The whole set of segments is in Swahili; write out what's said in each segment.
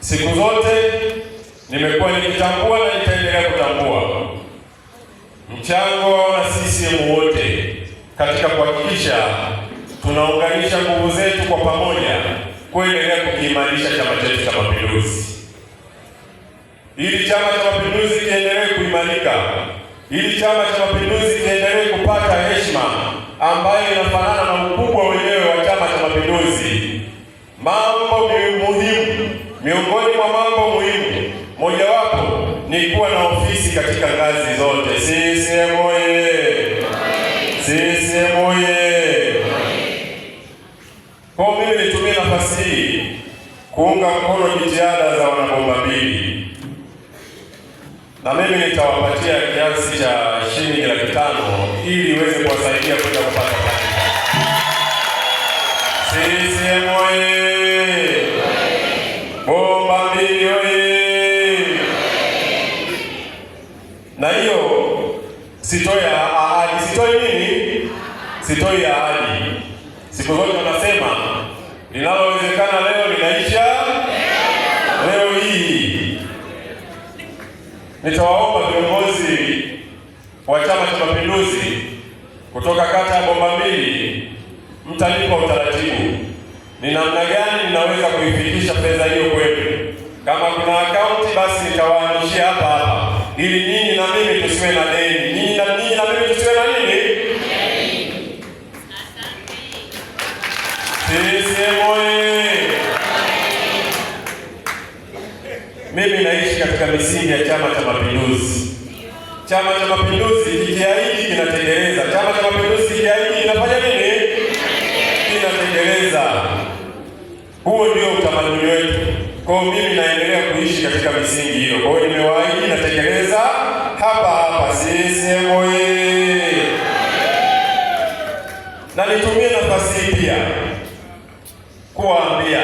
Siku zote nimekuwa nikitambua na nitaendelea kutambua mchango wa wanasisiemu wote katika kuhakikisha tunaunganisha nguvu zetu kwa pamoja kuendelea kukiimarisha chama chetu cha Mapinduzi, ili chama cha Mapinduzi kiendelee kuimarika, ili chama cha Mapinduzi kiendelee kupata heshima ambayo inafanana na ukubwa wenyewe wa chama cha Mapinduzi. Mambo ni muhimu Miongoni mwa mambo muhimu mojawapo ni kuwa na ofisi katika ngazi zote. CCM oyee! CCM oyee! Kwa mimi nitumie nafasi hii kuunga mkono jitihada za wanabomba mbili, na mimi nitawapatia kiasi cha shilingi laki tano ili iweze kuwasaidia kwenda kupata kazi. CCM oyee! Sitoi ahadi. Sitoi nini? Sitoi ahadi. Siku zote wanasema linalowezekana leo linaisha leo hii. Nitawaomba viongozi wa Chama cha Mapinduzi kutoka kata ya Bomba Mbili, mtalipa utaratibu ni namna gani ninaweza kuifikisha fedha hiyo kwenu. Kama kuna akaunti, basi nitawaanishia hapa hapa ili ninyi na mimi tusiwe na deni, ninyi na ninyi na mimi tusiwe na nini? Sisiemu, mimi naishi katika misingi ya Chama cha Mapinduzi. Chama cha Mapinduzi kikiahidi kinatekeleza. Chama cha Mapinduzi kikiahidi kinafanya nini? Kinatekeleza. Huo ndio utamaduni wetu. Kwa hiyo mimi naendelea kuishi katika misingi hiyo. Kwa hiyo nimewaahidi natekeleza hapa hapa. sisi oyee! Na nitumie nafasi hii pia kuwaambia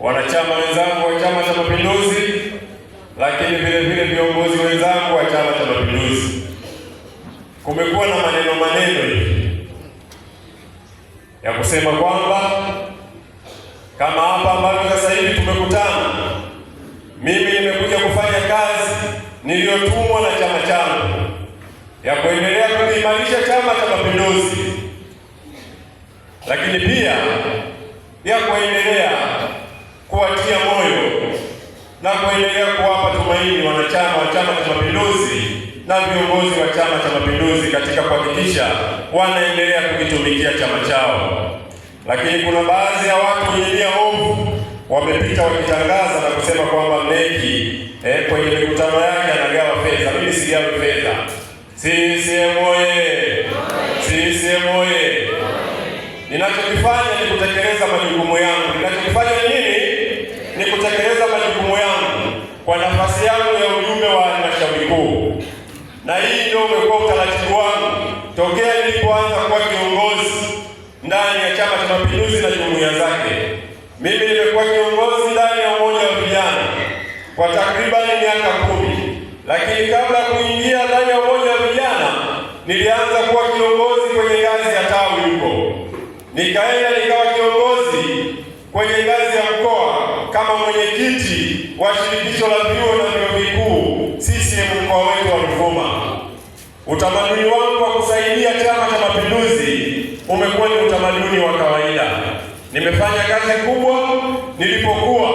wanachama wenzangu wa Chama cha Mapinduzi, lakini vile vile viongozi wenzangu wa Chama cha Mapinduzi, kumekuwa na maneno maneno ya kusema kwamba kama hapa ambavyo sasa hivi tumekutana. Mimi nimekuja kufanya kazi niliyotumwa na chama changu ya kuendelea kuimarisha Chama cha Mapinduzi, lakini pia ya kuendelea kuwatia moyo na kuendelea kuwapa tumaini wanachama wa Chama cha Mapinduzi na viongozi wa Chama cha Mapinduzi katika kuhakikisha wanaendelea kukitumikia chama chao lakini kuna baadhi ya watu wenye nia ovu wamepita wakitangaza na kusema kwamba Mneki eh, kwenye mikutano yake anagawa fedha. Mimi sigawi fedha. CCM oye! CCM oye! Ninachokifanya ni kutekeleza majukumu yangu. Ninachokifanya nini? Ni kutekeleza majukumu yangu kwa nafasi yangu ya ujumbe wa halmashauri kuu, na hii ndio umekuwa utaratibu wangu tokea nilipoanza kwa Chama cha Mapinduzi na jumuiya zake. Mimi nimekuwa kiongozi ndani ya umoja wa vijana kwa takribani miaka kumi, lakini kabla ya kuingia ndani ya umoja wa vijana nilianza kuwa kiongozi kwenye ngazi ya tawi huko, nikaenda nikawa kiongozi kwenye ngazi ya mkoa kama mwenyekiti wa shirikisho la vyuo na vyuo vikuu CCM mkoa wetu wa Ruvuma. Utamaduni wangu waumini wa kawaida. Nimefanya kazi kubwa nilipokuwa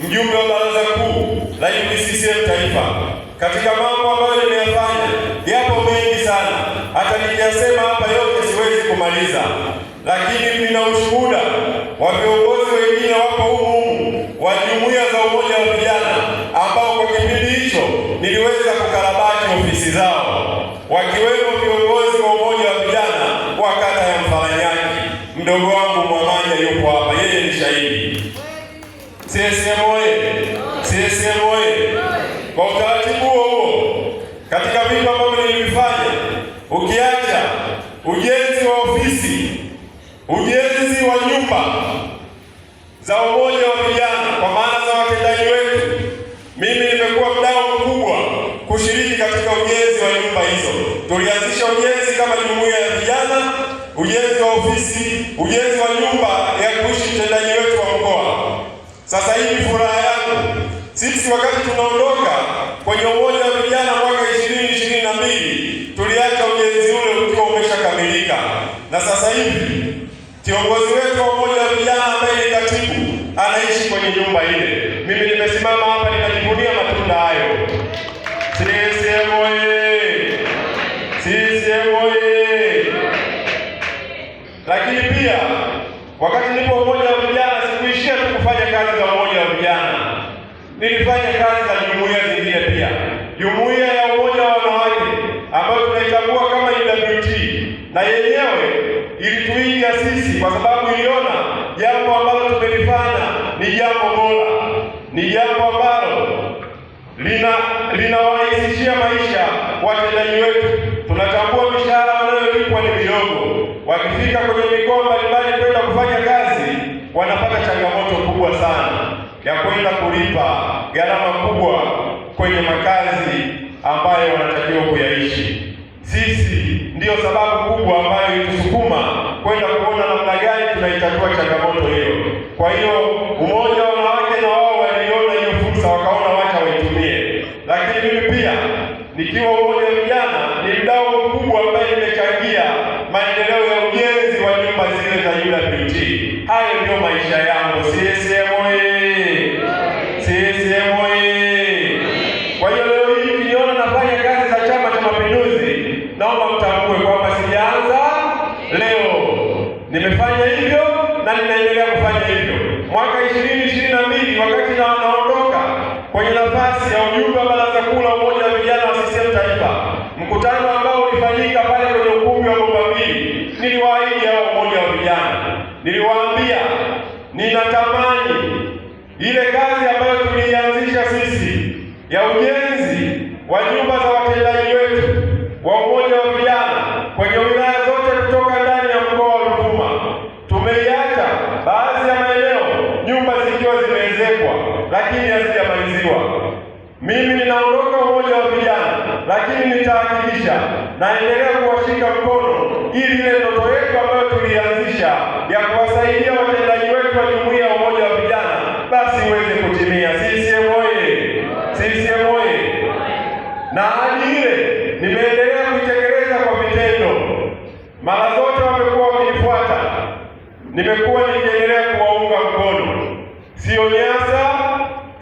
mjumbe wa baraza kuu la UVCCM taifa. Katika mambo ambayo nimeyafanya yapo mengi sana, hata nikiyasema hapa yote siwezi kumaliza, lakini nina ushuhuda wa viongozi wengine wako humu wa jumuiya za umoja wa vijana ambao kwa kipindi hicho niliweza kukarabati ofisi zao. mdogo wangu Mwamanya yuko hapa, yeye ni shahidi. CCM oyee! CCM oyee! Kwa utaratibu huo huo, katika vitu ambavyo nilivifanya, ukiacha ujenzi wa ofisi, ujenzi wa nyumba za umoja wa vijana kwa maana za watendaji wetu, mimi nimekuwa mdau mkubwa kushiriki katika ujenzi wa nyumba hizo. Tulianzisha ujenzi ujenzi wa ofisi, ujenzi wa nyumba ya kuishi mtendaji wetu wa mkoa. Sasa hivi furaha yangu sisi, wakati tunaondoka kwenye umoja wa vijana mwaka ishirini ishirini na mbili tuliacha ujenzi ule ukiwa umeshakamilika, na sasa hivi kiongozi wetu wa umoja wa vijana ambaye ni katibu anaishi kwenye nyumba ile. Mimi nimesimama hapa ninajivunia matunda hayo. sisiemu nilifanya kazi za jumuiya zingine pia, jumuiya ya umoja wa wanawake ambayo tunaichagua kama UWT, e na yenyewe ilituiga sisi kwa sababu iliona jambo ambalo tumelifanya ni jambo bora, ni jambo ambalo lina linawarahisishia maisha watendaji wetu. Tunatambua mishahara wanayolipwa ni midogo, wakifika kwenye mikoa mbalimbali kwenda kufanya kazi wanapata changamoto kubwa sana ya kwenda kulipa gharama kubwa kwenye makazi ambayo wanatakiwa kuyaishi. Sisi ndiyo sababu kubwa ambayo itusukuma kwenda kuona namna gani tunaitatua changamoto hiyo. Kwa hiyo umoja wa wanawake na wao waliona hiyo fursa, wakaona wacha waitumie. Lakini mimi pia nikiwa umoja wa vijana ni mdau mkubwa ambaye nimechangia maendeleo ya ujenzi wa nyumba zile za UWT. Hayo ndiyo maisha yangu si Nimefanya hivyo na ninaendelea kufanya hivyo. Mwaka ishirini ishirini na mbili wakati na wanaondoka kwenye nafasi ya ujumbe wa baraza kuu la umoja wa vijana wa CCM Taifa, mkutano ambao ulifanyika pale kwenye ukumbi wa Bomba Mbili, niliwaahidi hao umoja wa vijana, niliwaambia ninatamani ile kazi ambayo tulianzisha sisi ya ujenzi wa nyumba za watendaji wetu wa lakini hazijamaliziwa. Mimi ninaondoka umoja wa vijana, lakini nitahakikisha naendelea kuwashika mkono ili ile ndoto yetu ambayo tulianzisha ya kuwasaidia watendaji wetu wa jumuiya ya umoja wa vijana basi iweze kutimia. CCM oye! CCM oye! na hadi ile nimeendelea kuitekeleza kwa vitendo. Mara zote wamekuwa wakinifuata, nimekuwa nikiendelea kuwaunga mkono, sio nyasa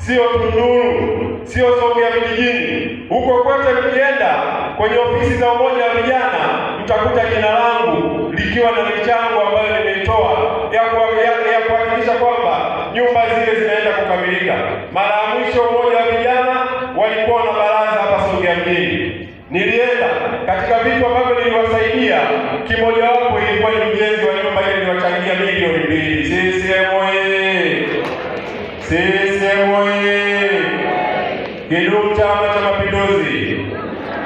sio Tunduru, sio Songea vijijini, huko kote mkienda kwenye ofisi za umoja wa vijana mtakuta jina langu likiwa na michango ambayo nimeitoa ya kuhakikisha kwamba nyumba zile zinaenda kukamilika. Mara ya mwisho umoja wa vijana walikuwa na baraza hapa Songea mjini, nilienda katika vitu ambavyo niliwasaidia kimoja Chama cha Mapinduzi.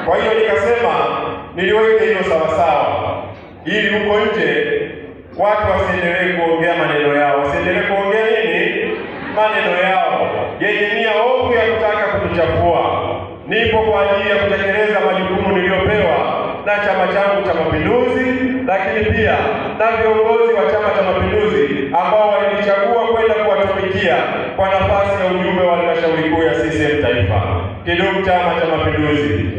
Kwa hiyo nikasema niliweke hilo sawasawa, ili huko nje watu wasiendelee kuongea maneno yao, wasiendelee kuongea nini maneno yao yenye nia ovu ya kutaka kutuchafua. Nipo kwa ajili ya kutekeleza majukumu niliyopewa na chama changu cha Mapinduzi, lakini pia na viongozi wa Chama cha Mapinduzi ambao walinichagua kwenda kuwatumikia kwa nafasi ya ujumbe wa halmashauri kuu ya CCM taifa. kidumu Chama cha Mapinduzi.